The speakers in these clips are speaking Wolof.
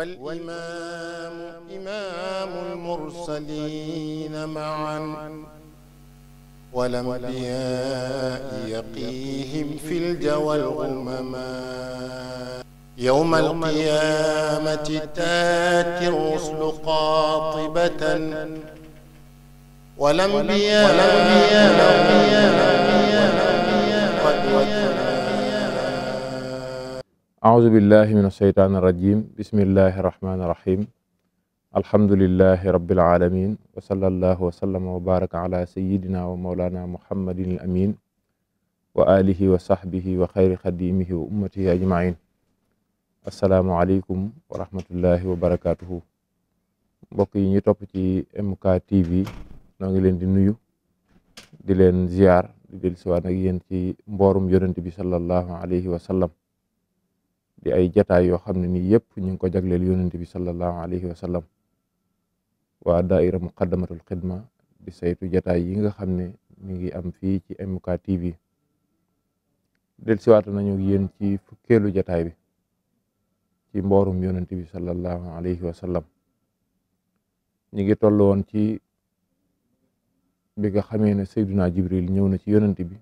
والإمام إمام المرسلين معا والأنبياء يقيهم في الجوى الغمما يوم القيامة تاتي الرسل قاطبة والأنبياء أعوذ بالله من الشيطان الرجيم بسم الله الرحمن الرحيم الحمد لله رب العالمين وصلى الله وسلم وبارك على سيدنا ومولانا محمد الأمين وآله وصحبه وخير خديمه وأمته أجمعين السلام عليكم ورحمة الله وبركاته mbokk yi ñu topp ci MK TV noo ngi leen di nuyu di leen ziar di dellusiwaat ak yéen ci mboorum yonent bi sallallahu alayhi wa sallam di ay jataay yoo xam ne nii yëpp ñu ngi ko jagleel yonent bi sallallahu alayhi wa sallam waa daaira di saytu jataay yi nga xam ne mi ngi am fii ci MK TV dellusiwaat nañu yéen ci fukkeelu jataay bi ci mborum yonent bi sallallahu alayhi wa sallam ñu ngi toll woon ci bi nga xamee ne Seydina Jibril ñëw na ci yonent bi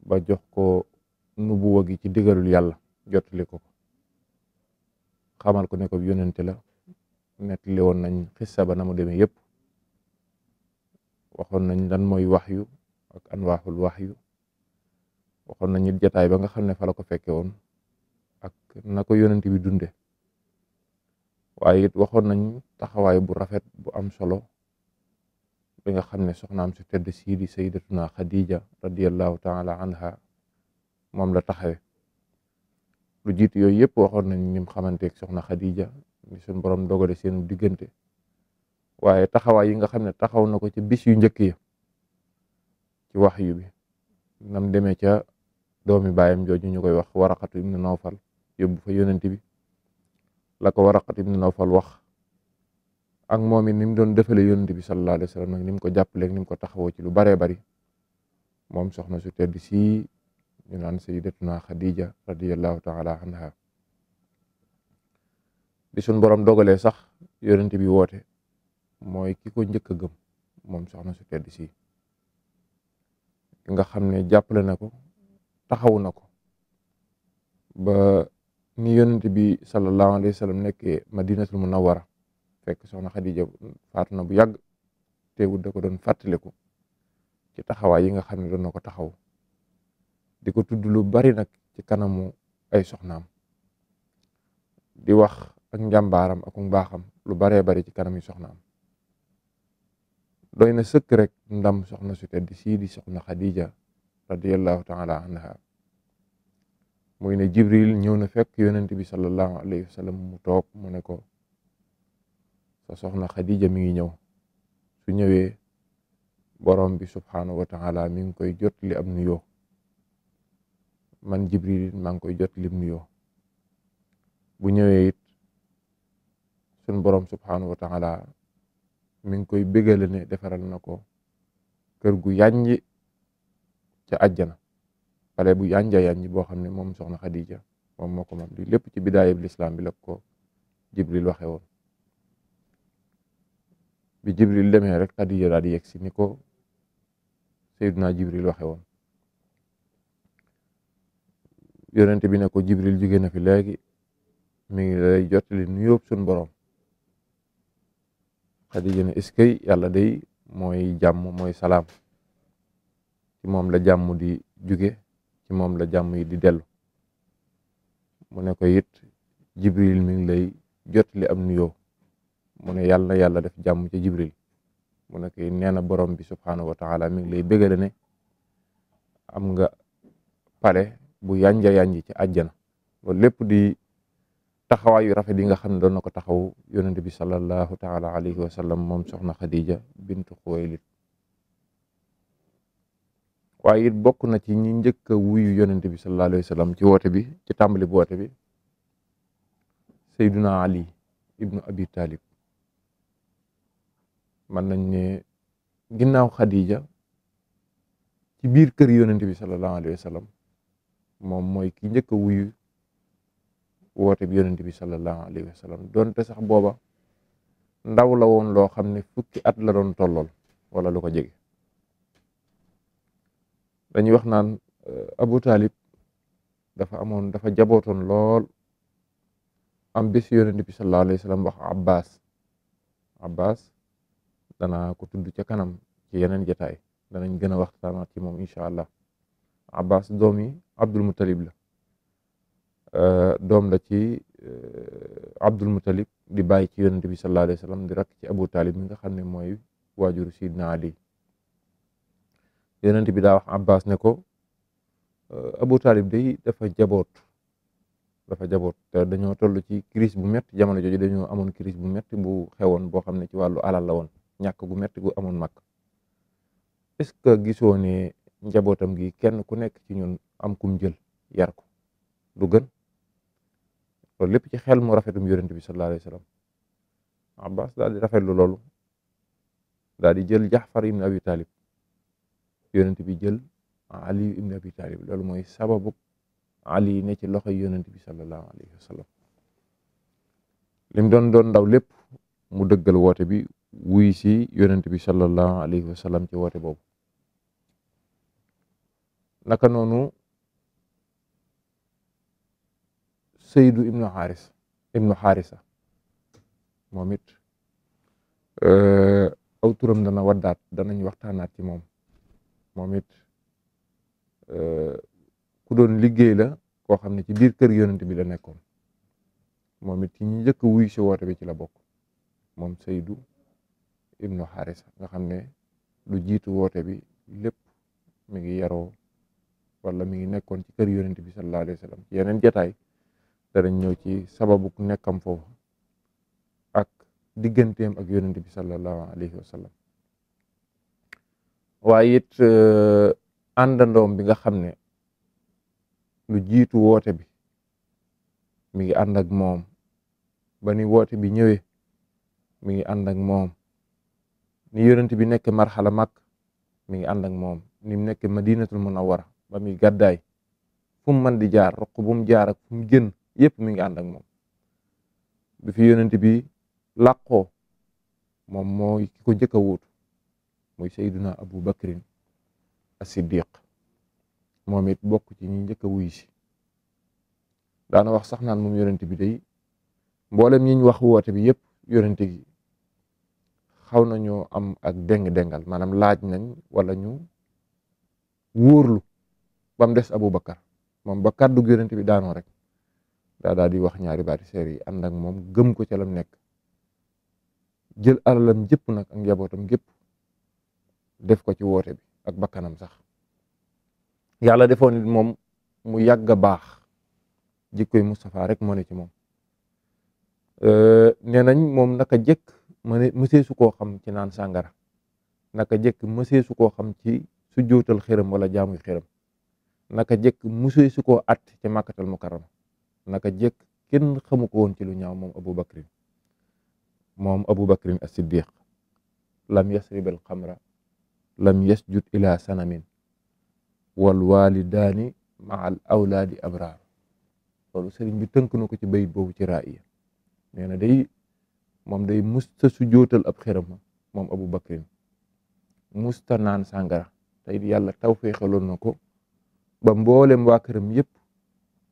ba jox ko nubuwa gi ci digalul yàlla jottali ko xamal ko ne ko yónnente la nettali woon nañ xissa ba na mu demee yëpp waxoon nañ lan mooy waxyu ak anwaaxul waxyu waxoon nañ it jataay ba nga xam ne fa la ko fekke woon ak nako ko bi dunde waaye it waxoon nañ taxawaay bu rafet bu am solo bi nga xam ne soxnaam su tedd sii di sayyidatuna Khadija radiyallahu taala anha moom la taxawe lu jiitu yooyu yëpp waxoon nañ ni mu xamanteeg soxna Khadija mi suñ borom dogale seen diggante waaye taxawaay yi nga xam ne taxaw na ko ci biss yu njëkk yi ci wax yu bi nam demee ca doomi baayam jooju ñu koy wax waraqatu ibnu nawfal yóbbu fa yonent bi la ko waraqatu ibnu nawfal wax ak moom it ni mu doon defalee yonent bi sallallahu alayhi wa sallam ni mu ko jàppaleeg ni mu ko taxawoo ci lu baree bari moom soxna su tedd si ñu naan sayyidatuna Khadija radiyallahu taala anha bi suñ borom dogalee sax yonent bi woote mooy ki ko njëkk a gëm moom soxna su tedd si nga xam ne jàppale na ko taxaw na ko ba ni yonent bi sallallahu alayhi wa sallam nekkee madinatul munawwara fekk soxna Khadija faatu na bu yàgg teewul da ko doon ko ci taxawaay yi nga xam ne doon na ko taxaw di ko tudd lu bari nag ci kanamu ay soxnaam di wax ak njàmbaaram ak mbaaxam lu baree bari ci kanam yi soxnaam doy na sëkk rek ndam soxna su tedd sii di soxna Khadija radiyallahu taala anha muy ne Jibril ñëw na fekk yonent bi sallallahu alayhi wa mu toog mu ne ko sa soxna Khadija mi ngi ñëw su ñëwee borom bi subhanahu wa taala mi ngi koy jot li am nuyoo man Jibril it maa ngi koy jot lim nuyoo bu ñëwee it sun borom subhanahu wa taala mi ngi koy bégale ne defaral na ko kër gu yànj ca àjjana pale bu yànja yànj boo xam ne moom soxna Khadija moom moo ko moom li lépp ci bidaayab lislaam bi la ko Jibril waxee woon bi Jibril demee rek Khadija daal di yegg si ni ko Seydina Jibril waxee woon yonent bi ne ko jibril jóge na fi léegi mi ngi lay jottali nuyoo suñu borom xadija ne eskay yàlla day mooy jàmm mooy salaam ci moom la jàmm di jóge ci moom la jàmm yi di dellu mu ne ko it jibril mi ngi lay jottali am nuyoo mu ne yàlla na yàlla def jàmm ci jibril mu ne ko nee na borom bi subhanahu wa taala mi ngi lay bégale ne am nga pale bu yànja yànji ci àjjana loolu lépp di taxawaayu rafet yi nga xam ne doon na ko taxaw yonente bi sallallahu taala alayhi wa sallam moom soxna Khadija bintu Xuwaylid waaye it bokk na ci ñi njëkk a wuyu yonente bi sallallahu alayhi wa ci woote bi ci tàmbali bu woote bi Seyduna Ali ibnu Abi Talib man nañ ne ginnaaw Khadija ci biir kër yonente bi sallallahu alayhi wa moom mooy ki njëkk a wuyu woote bi yonent bi sallallahu alayhi wa doon donte sax booba ndaw la woon loo xam ne fukki at la doon tollool wala lu ko jege dañuy wax naan euh, Abu Talib dafa amoon dafa jabootoon lool am bés yonent bi sallallahu alayhi wa sallam wax Abbas Abbas danaa ko tudd ca kanam ci yeneen jotaay danañ gën a waxtaanaat ci moom incha allah. abbas doom yi abdul mutalib la euh, doom la ci euh, abdul mutalib di bàyyi ci yonent bi sallallahu alayhi di rakk ci abu talib mi nga xam ne mooy waajuru sidna ali yonent bi daa wax abbas ne ko euh, abu talib day dafa jaboot dafa jaboot te dañoo toll ci crise bu métti jamono jooju dañoo amoon crise bu métti bu xewoon boo xam ne ci wàllu alal la woon ñàkk gu métti gu amoon mag est-ce que gisoo njabootam gi kenn ku nekk ci ñun am kum jël yar ko du gën loolu lépp ci xel mu rafetum yonent bi sallallahu alayhi wa sallam abbas daal di rafetlu loolu daal di jël jaxfar ibn abi talib yonent bi jël ali ibn abi talib loolu mooy sababu ali ne ci loxoy yonent bi sallallahu alayhi wa sallam lim doon doon ndaw lépp mu dëggal woote bi wuy si yonent bi sallallahu alayhi wa sallam ci woote boobu naka noonu Seydou Ibnu Xaaris Ibnu Xaarisa moom it eh, aw turam dana waddaat danañ waxtaanaat ci moom moom it eh, ku doon liggéey la koo xam ne ci biir kër yonent bi la nekkoon moom it ci ñi njëkk a wuyu bi ci la bokk moom Seydou Ibnu Xaarisa nga xam ne lu jiitu woote bi lépp mi ngi yaroo wala mi ngi nekkoon ci kër yonent bi sallallahu alayhi wa sallam ci yeneen jataay danañ ñëw ci sababu nekkam foofu ak digganteem ak yonent bi sallallahu alayhi wa sallam waaye it euh, àndandoom bi nga xam ne lu jiitu woote bi mi ngi ànd moom ba ni woote bi ñëwee mi ngi ànd moom ni yonent bi nekk marxala mag mi ngi ànd ak moom ni mu nekk madinatul munawwara ma muy gàddaay fu mu mën di jaar roq bu jaar ak fu mu génn yëpp mi ngi ànd ak moom bi fi yonent bi làqoo moom mooy ki ko njëkk a wuutu mooy sayduna abu bakrin as-siddiq moom it bokk ci ñi njëkk a wuy si daana wax sax naan moom yonent bi day mboolem ñi ñu wax woote bi yëpp yonent gi xaw nañoo am ak déng-déngal maanaam laaj nañ wala ñu wóorlu ba mu des Aboubacar moom ba kàddu gu yonent bi daanoo rek daa daal di wax ñaari baati seer yi ànd ak moom gëm ko ca lam nekk jël alalam jëpp nag ak njabootam gépp def ko ci woote bi ak bakkanam sax yàlla defoon nit moom mu yàgg a baax jikkoy Moustapha rek moo ne ci moom nee nañ moom naka jëkk ma ne mëseesu koo xam ci naan sàngara naka jëkk mëseesu koo xam ci su jootal xërëm wala jaamuy xërëm naka jëkk musuy su koo at ca màkkatal mukarrama naka jëkk kenn xamu ko woon ci lu ñaaw moom abu bakrin moom abu bakrin as-siddiq lam yasrib al xamra lam yasjud ila sanamin wal walidaani ma al awlaadi abraar loolu sëriñ bi tënk na ko ci bayit boobu ci raaya nee na day moom day musta su jootal ab xiram moom abu bakrin musta naan sàngara tey yàlla tawfeexaloon na ko ba mboolem waa këram yëpp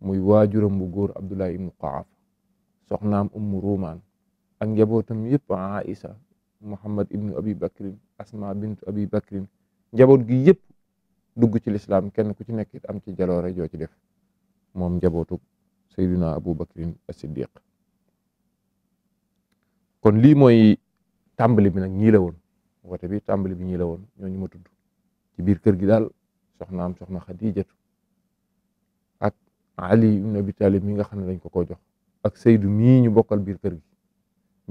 muy waajuram bu góor Abdullahi ibnu Qaafa soxnaam ummu Ruumaan ak njabootam yëpp Aïsa Muhammad ibnu Abi Bakrin Asma bintu Abi Bakrin njaboot gi yëpp dugg ci lislaam kenn ku ci nekk am ci jaloore joo ci def moom njabootu Seydina Abu Bakrin As-Siddiq kon lii mooy tàmbali bi nag ñii la woon woote bi tàmbali bi ñii la woon ñooñu ma tudd ci biir kër gi daal soxnaam soxna xadijatu ak ali ibn abi talib mi nga xam ne dañ ko koo jox ak saydu mii ñu bokkal biir kër gi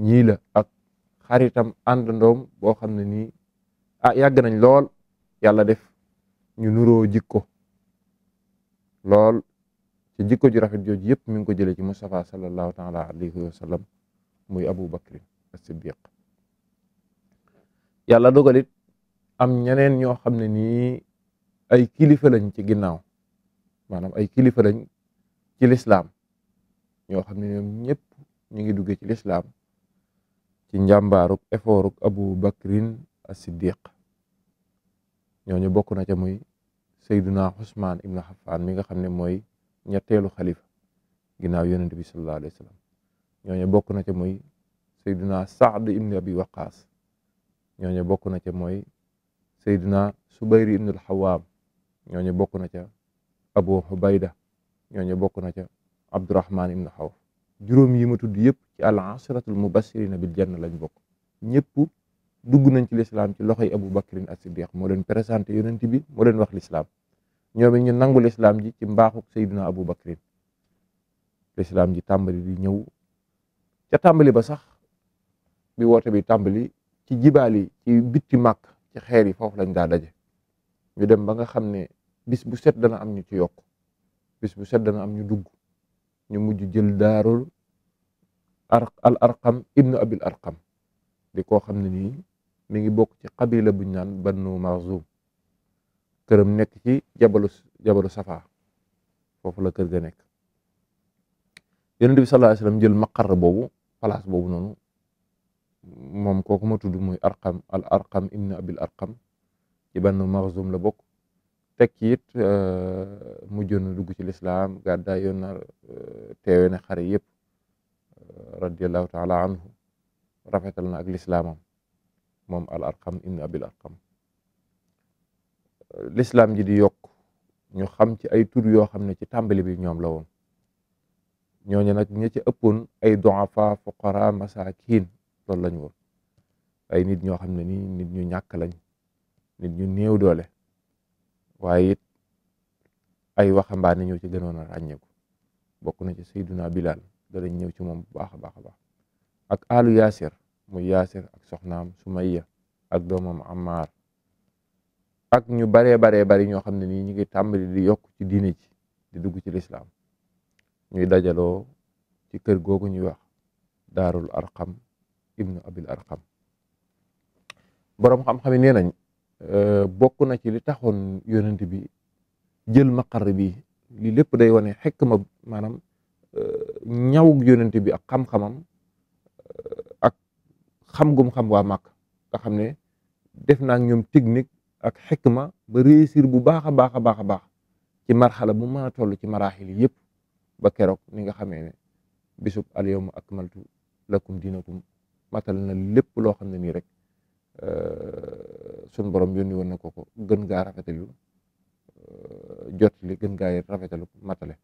ñii la ak xaritam àndandoom boo xam ne nii ah yàgg nañ lool yàlla def ñu nuroo jikko lool ci jikko ju rafet jooju yëpp mi ngi ko jëlee ci Moustapha sallallahu taala alayhi wa sallam muy Abu Bakr as-Siddiq yàlla dogalit am ñeneen ñoo ay kilifa lañ ci ginnaaw maanaam ay kilifa lañ ci lislaam ñoo xam ne ñoom ñëpp ñu ngi duggee ci lislaam ci njàmbaaruk effortuk Abu Bakrin as-Siddiq ñooñu bokk na ca muy Seyduna Usmaan ibnu Xafaan mi nga xam ne mooy ñetteelu xalifa ginnaaw yonent bi sallallahu alayhi wa sallam ñooñu bokk na ca muy Seyduna Saad ibnu Abi Waqaas ñooñu bokk na ci mooy Seyduna Subayr ibnu al ñooñu bokk na ca Abu Hubayda ñooñu bokk na ca Abdurahman ibn Xawf juróom yi ma tudd yëpp ci al asratul mubashirina bil janna lañ bokk ñëpp dugg nañ ci lislaam ci loxoy Abu Bakrin as-Siddiq moo leen présenté yonent bi moo leen wax lislaam ñoom it ñu nangu lislaam ji ci mbaaxuk Seydina Abu Bakrin lislaam ji tàmbali di ñëw ca tàmbali ba sax bi woote bi tàmbali ci jibaal yi ci bitti màkk ci xeer yi foofu lañ daa daje ñu dem ba nga xam ne bis bu set dana am ñu ci yokk bis bu set dana am ñu dugg ñu mujj jël daarul ar al arqam ibnu abil arqam di koo xam ne nii mi ngi bokk ci xabila buñ naan bannu marzum këram nekk ci jabalu safa foofu la kër ga nekk yonent bi sallallahu alayhi jël maqar boobu place boobu noonu moom kooku ma tudd muy arqam al arqam ibnu abil arqam ci Banu Maxzum la bokk tekki it euh, mujjoon na dugg ci lislaam gàddaay yoon na euh, teewe na xare yëpp euh, radiallahu taala anhu rafetal na ak lislaamam moom al arqam ibn abil arqam lislaam ji di yokk ñu xam ci ay tur yoo xam ne ci tàmbali bi ñoom la woon ñooñu nag ña ci ëppoon ay duafa fuqara masakin loolu lañ woon ay nit ñoo xam ne ni nit ñu ñàkk lañ nit ñu néew doole waaye it ay waxambaane ñoo ci gënoon a ràññeeku bokk na ci Seyduna Bilal danañ ñëw ci moom bu baax a baax a baax ak alu Yaasir muy Yaasir ak soxnaam Sumayya ak doomam Ammar ak ñu baree baree bari ñoo xam ne nii ñu ngi tàmbali di yokk ci diine ji di dugg ci lislaam ñuy dajaloo ci kër googu ñuy wax daarul arqam ibnu abil arqam boroom xam-xam yi nee Euh, bokk na ci li taxoon yonent bi jël maqar bi li lépp day wane xekk ma maanaam euh, ñaw yonent bi ak xam-xamam euh, ak xam-gum xam waa màkk nga xam ne def naa ñoom technique ak xikma ba réussir bu baax a baax a baax a baax ci marxala bu ma a ci maraaxil yëpp ba keroog ni nga xamee ne bisub al yawma akmaltu lakum dinakum matal na lépp loo xam ne nii rek suñu borom yónni woon na ko ko gën gaa rafetalu euh, jot li gën gaa rafetalu matale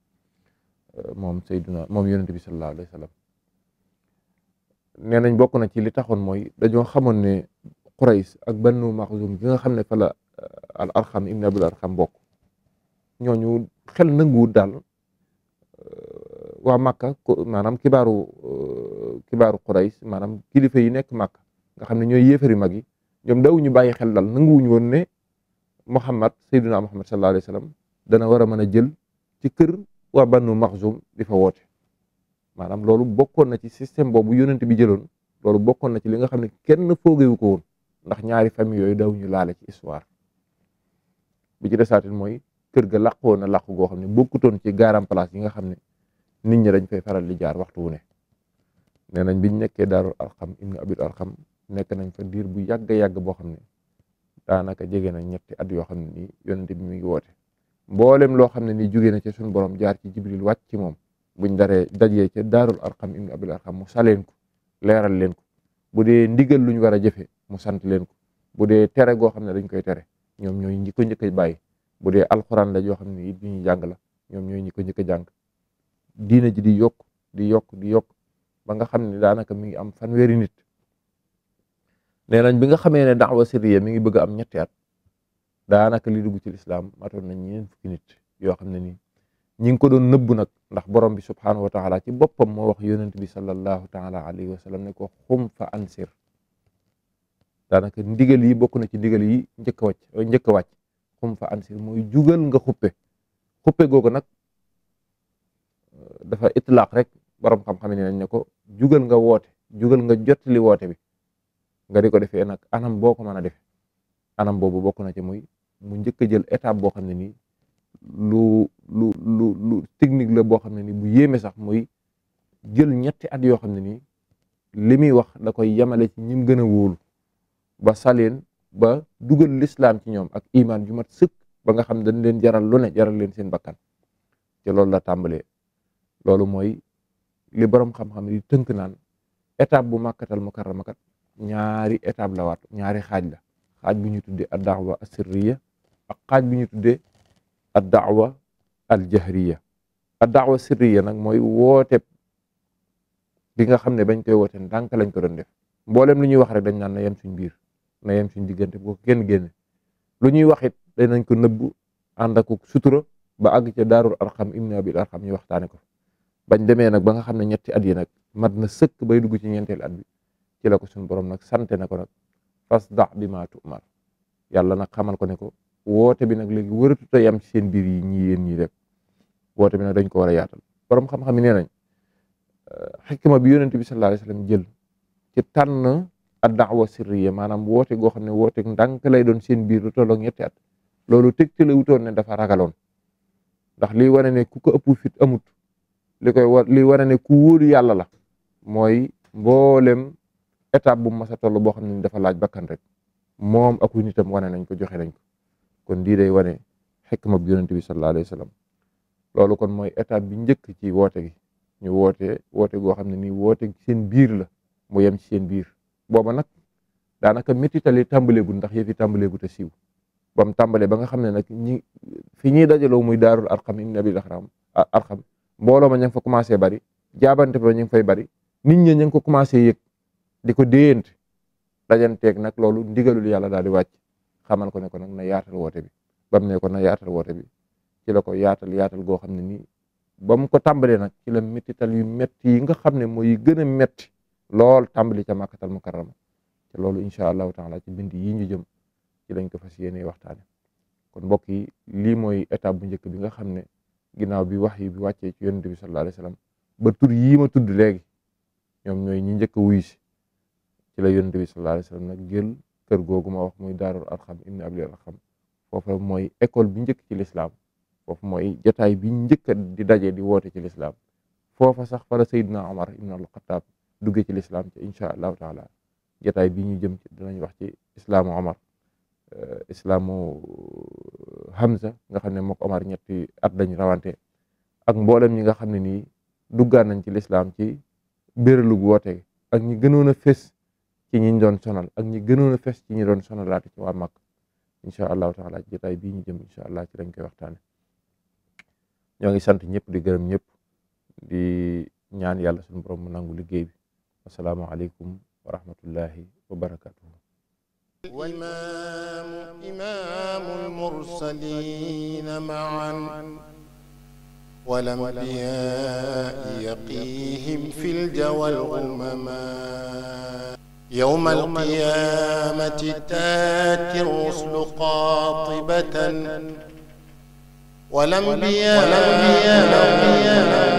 euh, moom Seydina moom yonent bi sallallahu alayhi wa nee nañ bokk na ci li taxoon mooy dañoo xamoon ne Qurays ak Banu Maxzum gi nga xam ne fa la euh, al arxam ibn abul arxam bokk ñooñu xel nanguwut daal waa Makka maanaam kibaaru kibaaru Qurays maanaam kilifa yi nekk Makka nga xam ne ñooy yéefari mag yi ñoom dawuñu bàyyi xel dal nanguwuñu woon ne Muhammad sayyiduna Muhammad sallallahu alayhi wa sallam dana war a mën a jël ci kër waa Banu Maxzum di fa woote maanaam loolu bokkoon na ci système boobu yonent bi jëloon loolu bokkoon na ci li nga xam ne kenn foogewu ko woon ndax ñaari famille yooyu dawuñu laale ci histoire bi ci desaatin mooy kër ga làqoo na làq goo xam ne bokkutoon ci garam place yi nga xam ne nit ñi dañ fay faral di jaar waxtu wu ne nee nañ biñ nekkee daarul arxam ibnu abil arxam nekk nañ fa diir bu yàgg yàgg boo xam ne daanaka jege na ñetti at yoo xam ne nii yonente bi mu ngi woote mboolem loo xam ne nii jóge na ci suñu borom jaar ci jibril wàcc ci moom buñ daree dajee ca daarul arxam ibnu abil arxam mu saleen ko leeral leen ko bu dee ndigal luñ war a jëfe mu sant leen ko bu dee tere goo xam ne dañ koy tere ñoom ñooy ñi ko njëkk a bu dee alxuraan la yoo xam ne it ñuy jàng ñoom ñooy ñi ko njëkk a jàng diina ji di yokk di yokk di yokk ba nga xam ne daanaka mi ngi am fanweeri nit nee nañ bi nga xamee ne daawa sirriya mi ngi bëgg am ñetti at daanaka li dugg ci lislaam matoon nañ ñeent fukki nit yoo xam ne ni ñi ngi ko doon nëbbu nag ndax borom bi subhaanahu wa taala ci boppam moo wax yonent bi sallallahu taala alayhi wa sallam ne ko xum fa ansir daanaka ndigal yi bokk na ci ndigal yi njëkk wacc wàcc njëkk a wàcc xum fa ansir mooy jugal nga xuppe xuppe googu nag dafa itlaaq rek borom xam-xam ne nañ ne ko jugal nga woote jugal nga jottali woote bi nga di ko defee nag anam boo ko mën a defee anam boobu bokk na ci muy mu njëkk a jël étape boo xam ne nii lu lu lu lu technique la boo xam ne nii bu yéeme sax muy jël ñetti at yoo xam ne nii li muy wax da koy yemale ci ñim gën a wóolu ba saleen ba dugal lislaam ci ñoom ak imaan ju mat sëkk ba nga xam dañ leen jaral lu ne jaral leen seen bakkan te loolu la tàmbalee loolu mooy li borom xam-xam yi tënk naan étape bu màkkatal mukarrama kat ñaari étape la waat ñaari xaaj la xaaj bi ñu tuddee ad daawa asirriya ak xaaj bi ñu tuddee ad daawa aljahriya ad daawa sirriya nag mooy woote bi nga xam ne bañ koy woote ndànk lañ ko doon def mboolem lu ñuy wax rek dañ naan na yem suñ biir na yem suñ diggante bu ko génn lu ñuy wax it danañ ko nëbbu ànd ak sutura ba àgg ca daarul arxam ibnu abil arxam ñu waxtaane ko bañ demee nag ba nga xam ne ñetti at yi nag mat na sëkk bay dugg ci ñeenteel at bi ci la ko suñu borom nag sante na ko nag fasda bi maa tu'mar yàlla nag xamal ko ne ko woote bi nag léegi wëratuta yam ci seen biir yi ñii yéen ñii rek woote bi nag dañ ko war a yaatal borom xam-xam yi nee nañ euh, xikma bi yonent bi sallallahu alayhi wasallam jël ci tànn ad da'wa sirriya maanaam woote goo xam ne woote ndànk lay doon seen biir lu tolloog ñetti at loolu tegte wutoon ne dafa ragaloon ndax lii wane ne ku ko ëpp fit amut li koy war lii wane ne ku wóolu yàlla la mooy étape bu mu mas a boo xam ne dafa laaj bakkan rek moom ak wu nitam wane nañ ko joxe nañ ko kon lii day wane xikma ma yonente bi sallallahu alayhi wa sallam loolu kon mooy étape bi njëkk ci woote gi ñu woote woote goo xam ne nii woote seen biir la mu yem ci seen biir booba nag daanaka métitali tàmbaleegul ndax yëf yi tàmbaleegu te siiw ba mu tàmbalee ba nga xam ne nag ñi fi ñuy dajaloo muy daarul arqam ibn abil arqam arqam mbooloo ma ña nga fa commencé bari jaabante ba ñu ngi fay bari nit ñi ña ko commencé yëg di ko déyante dajanteeg nag loolu ndigalul yàlla daal di wàcc xamal ko ne ko nag na yaatal woote bi bam ne ko na yaatal woote bi ci la ko yaatal yaatal goo xam ne nii ba mu ko tàmbalee nag ci la mettital yu metti yi nga xam ne mooy gën a metti lool tàmbali ca màkkatal mukarrama te loolu incha allahu taala ci bind yi ñu jëm ci lañ ko fas yéene waxtaane kon mbokk yi lii mooy étape bu njëkk bi nga xam ne ginnaaw bi wax yi bi wàccee ci yonent bi sallallahu alayhi wasallam ba yii ma tudd léegi ñoom ñooy ñi njëkk a ci la yonent bi sallallahu alayhi wa sallam nag jël kër googu ma wax muy daarul arxam ibn abil arxam foofa mooy école bi njëkk ci lislaam foofu mooy jotaay bi njëkk di daje di woote ci lislaam foofa sax fa la Seydina Omar ibn al Xattaab dugge ci lislaam ci incha allahu taala jotaay bi ñu jëm ci dinañ wax ci islaamu Omar euh, islaamu Hamza nga xam ne mook Omar ñetti at dañ rawante ak mboolem ñi nga xam ne nii duggaan nañ ci lislaam ci bérélu woote ak ñi gënoon a fés ci ñi doon sonal ak ñi gënoon a ci ñi doon sonalaate ci waa Màkk incha allahu taala jotaay bii ñu jëm incha allah ci lañ koy waxtaane ñoo ngi sant ñëpp di gërëm ñëpp di ñaan yàlla suñu borom nangu liggéey bi asalaamaaleykum wa rahmatullahi wa barakatuhu والإمام إمام المرسلين معا والأنبياء يقيهم في الجوى الغمما يوم القيامة تأتي الرسل قاطبة والأنبياء